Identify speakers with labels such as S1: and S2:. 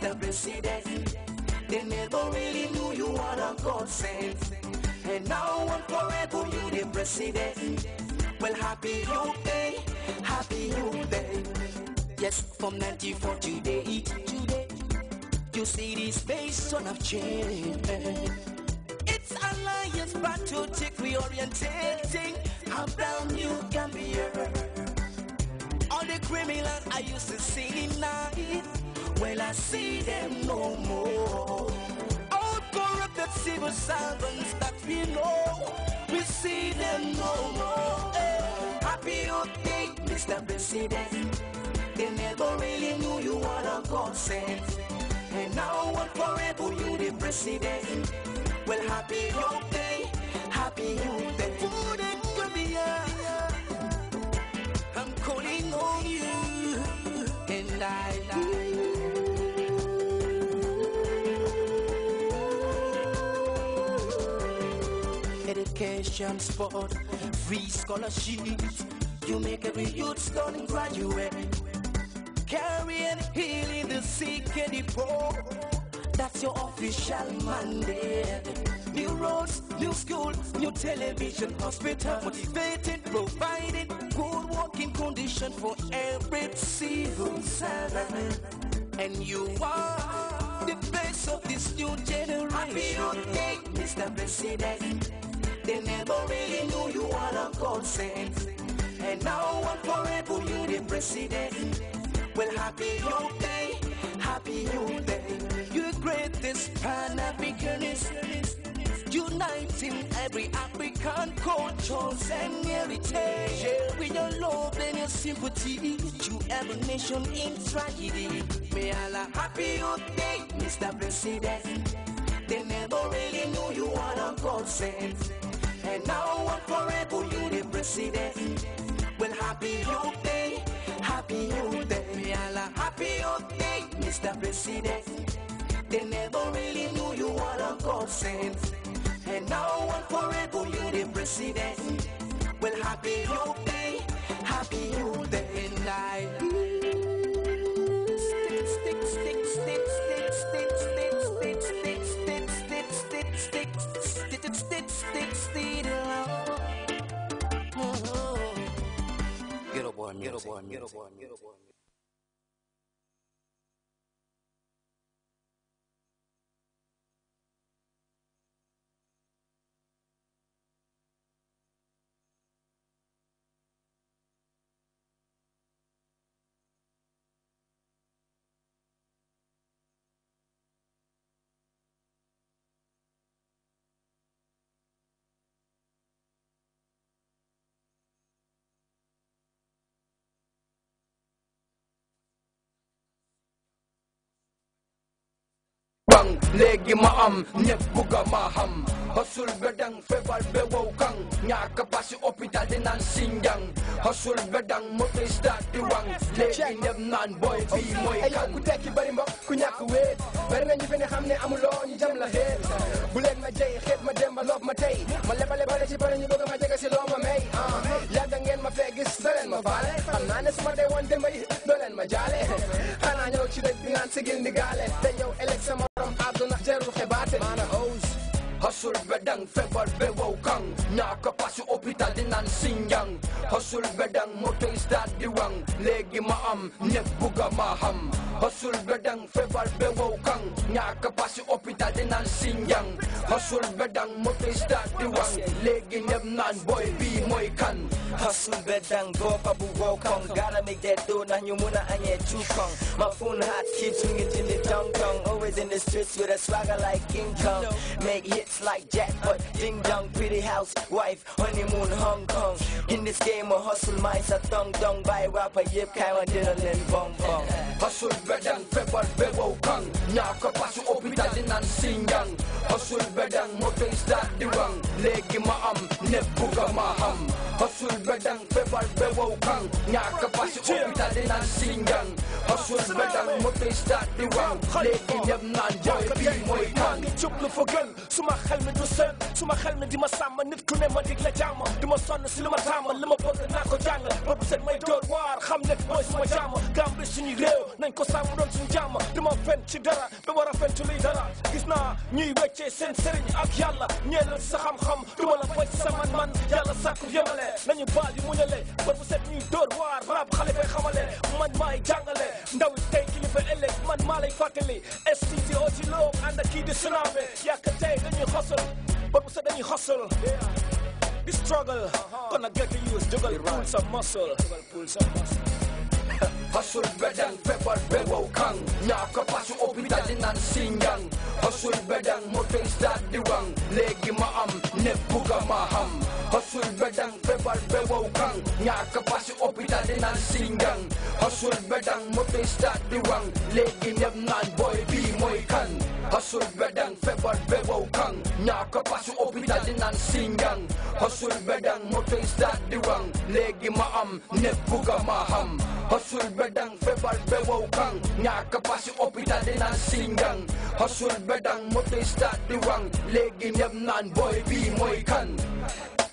S1: Mr. President. They never really knew you were a godsend. And now and forever you the president. Well, happy you day, happy you day. Yes, from 94 today, today. You see this face on of change. It's alliance patriotic reorientating. How down you can be here. All the criminals I used to see night. Well, I see them no more. All corrupted civil servants that we know, we see them no more. Hey, happy old day, Mr. President. They never really knew you were a godsend. And now and forever you the president. Well, happy your day, happy you day. education, sport, free scholarships. You make every youth stunning graduate, carrying healing the sick and the poor. That's your official mandate. New roads, new schools, new television, hospital, motivating, providing good working condition for every civil servant. And you are the face of this new generation. Happy birthday, Mr. President. They never really knew you are a godsend. And now and forever you the president. Well, happy your day, happy your day. You're greatest Pan-Africanist. Uniting every African cultures and heritage. With your love and your sympathy to every nation in tragedy. May Allah happy your day, Mr. President. They never really knew you are a godsend. And now I'm forever you the president. Well, happy youth day, happy youth day. happy youth day, Mr. President. They never really knew you were a godsend. And now I'm forever you the president. Well, happy youth day, happy day. music. léegi ma am ñëpp
S2: bugga ma xam xasul be dang feebar be wow kang ñaaka pasi hôpital di naan sinjang xasul be dang mo fi stade di wang léegi ñëpp naan booy bii mooy kan ku tekki bari mbokk ku ñàkk wéet bari na ñu fi ne xam ne amuloo ñu jam la xeet bu leen ma jey xeet ma dem a loob ma tey ma lebale bale ci bari ñu a ma jege si loo ma may ah, yàgg ma fee doo leen ma baale xam naa ne su ma dee woon démbay doo leen ma jaale xanaa ñëw ci dëj bi Hasul bedang febar bewaw kang Naka pasu opital dinan sinyang Hasul bedang motoy start diwang Legi maam nyep buga maham Hasul bedang febar bewaw kang Naka pasu opital dinan sinyang Hasul bedang motoy start 51 Leg in them nan boy be moy kan Hustle bedang go pa buwaw kong Gotta make that dough na nyo muna anye kong My phone hot keeps swinging in the dong dong Always in the streets with a swagger like King Kong
S1: Make hits like jackpot ding dong Pretty house wife honeymoon Hong Kong In this game of hustle mice a thong dong by rapper yip kaiwa dinalin bong bong Hustle
S2: bedang pepper bewaw kong Nyaka pasu opitalin nan singyang Hustle bedang motong that the wrong Kolegi ma'am, ne buga ma'am Hasul bedang bebal bewau kang Nyaka pasi hospital oh, di nan singgang Hasul bedang motor start di wang Legi nyam nan boy bi moy kan Jub lu fa gën suma xel mi du sën suma xel mi ma sàmm nit ku ne ma dig la jàmm Di ma sonn si li ma tàmm li ma bëgg naa ko jàng Ba bu set may door waar xam ne mooy suma jàmm Gambie suñu réew nañ ko sàmm doon suñu jàmm Di ma fen ci dara ba war a fen ci luy dara Gis naa ñuy weccee seen sëriñ ak yàlla ñeenal sa xam-xam du yàlla sàkku yëngale nañu baal yu muñale bët set ñuy dóor waar rab xale bay xamale man maay jàngale ndaw it tey kilifa ëllëg man maa lay STT oo ci ànd ak kii di Snabé yàq tey dañuy xosal set dañuy xosal di struggle gonna get to use jógal pull some muscle Hustle, bedang pepper bewow kang Nyaka pasu opital nan singang Hasul bedang motor start diwang Legi một tay start đi răng lê đi nhầm nan boy bi môi khăn Hasul bedang febar bebo kang Nya kapasu opita jinan singang Hasul bedang motor start diwang Legi maam nebuga maham Hasul bedang febar bebo kang Nya kapasu opita jinan singang Hasul bedang motor start diwang Legi nyamnan boy bi moy kan